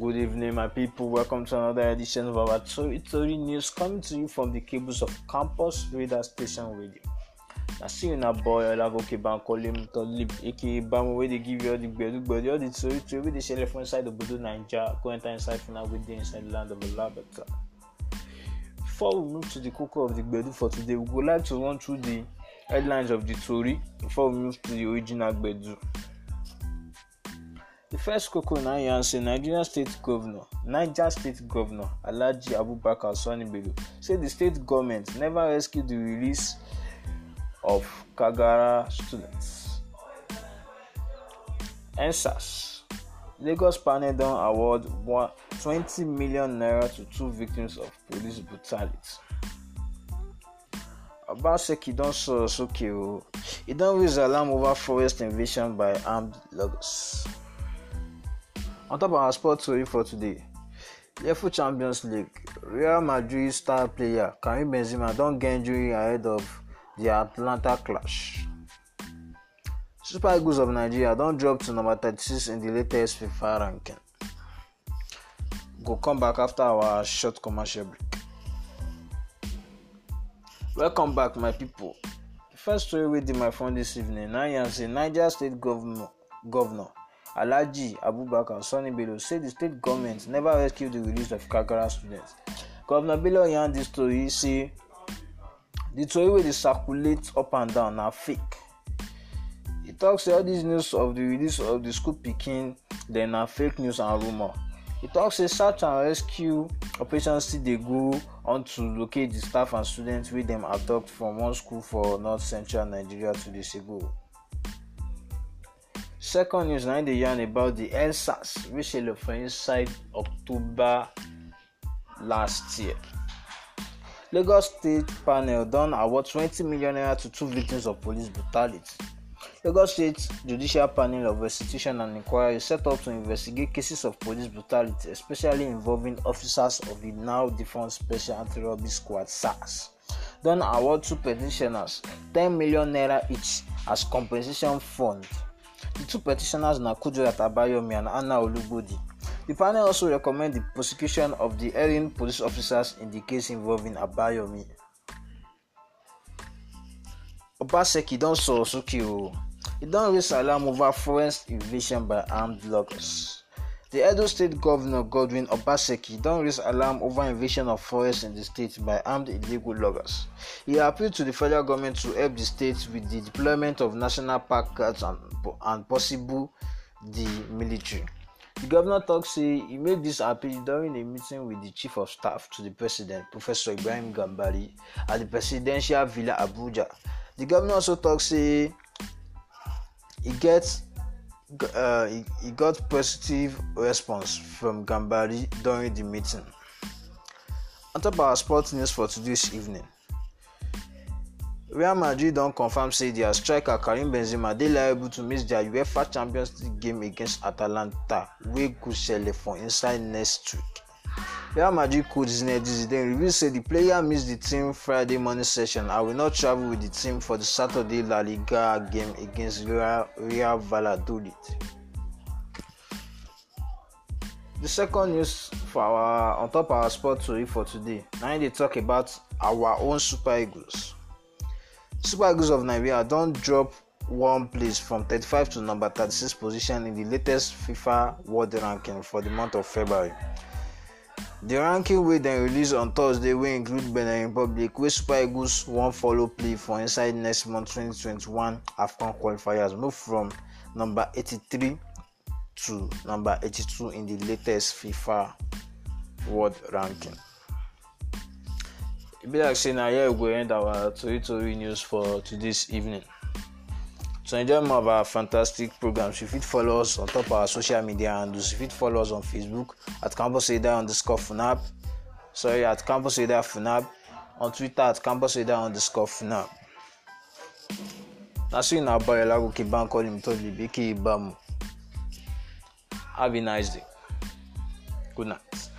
Good evening, my people. Welcome to another edition of our Tori Tori News coming to you from the cables of Campus Radar Station Radio. I see you now, boy. I love okay, bam, calling him to leave. Aka Bam, where they give you all the bedu, but all the Tori Tori, where the share from inside the Budu Ninja, go enter inside for now with the inside the land of Allah. before we move to the cocoa of the Bedu for today, we would like to run through the headlines of the Tori before we move to the original Bedu. The first Coco Nanyansi, Nigeria State Governor, Niger State Governor Alhaji Abubakar Sani Bello, said the state government never rescued the release of Kagara students. NSAS Lagos panel don award one, 20 million naira to two victims of police brutality. Obaseki don sọ̀rọ̀ sókè o. E don raise alarm over forest invasion by armed loggers. On top of our sports story for today, UEFA Champions League, Real Madrid star player Karim Benzema don get injury ahead of the Atlanta clash. Super Eagles of Nigeria don drop to number thirty-six in the latest FIFA ranking. Go come back after our short commercial break. Welcome back, my people. The first story wey dey my phone this evening na yarn say Niger State governor, governor Alaji Abubakar Sani Bello said the state government never rescued the release of Kakara students. Governor Bello yarn this story say the story wey dey circulate up and down na fake. e tok say all dis news of di release of di school pikin dem na fake news and rumour e tok say search and rescue operations still dey go on to locate di staff and students wey dem abduct from one school for north central nigeria two days ago Second news na dey yarn about the EndSARS wey shele for inside October last year. Lagos State panel don award 20 million naira to two victims of police brutality. Lagos State Judicial Panel of Restitution and Inquiry set up to investigate cases of police brutality, especially involving officers of the now defunct Special Anti-Robbery Squad (SARS). Don award two petitioners 10 million naira each as compensation fund The two petitioners are Kujoyat Abayomi and Anna Olugbodi. The panel also recommend the prosecution of the erring police officers in the case involving Abayomi. Obaseki don sọ̀rọ̀ sókè o. He don raise alarm over forest invasion by armed loggers. The Edo State Governor Godwin Obaseki don't raise alarm over invasion of forests in the state by armed illegal loggers. He appealed to the federal government to help the state with the deployment of national park guards and, and possible the military. The governor talk say he made this appeal during a meeting with the chief of staff to the president, Professor Ibrahim Gambari, at the presidential villa Abuja. The governor also talk say he gets uh, he, he got positive response from Gambari during the meeting. On top of our sports news for today's evening, Real Madrid don't confirm say their striker Karim Benzema They liable to miss their UEFA Champions League game against Atalanta wey go ṣẹlẹ̀ for inside next week. Real Madrid coach Zinedine Zidane revealed say the player missed the team Friday morning session and will not travel with the team for the Saturday La Liga game against Real, Real Valladolid. The second news for our on top our sport story for today. Now they talk about our own Super Eagles. Super Eagles of Nigeria don drop one place from 35 to number 36 position in the latest FIFA World Ranking for the month of February di ranking wey dem release on thursday wey include benin republic wey super eagles wan follow play for inside next month 2021 afcon qualifiers move from number 83 to number 82 in di latest fifa world ranking e be like say na here we go end our tori tori news for today's evening So enjoy more of our fantastic programs. You fit follow us on top our social media handles. You fit follow us on Facebook at Campus Ada underscore Funab. Sorry, at Campus Ada FUNAP. On Twitter at Campus Ada underscore FUNAP. Na so in our boy Lagoke Bank call him totally Biki Ibamu. Have a nice day. Good night.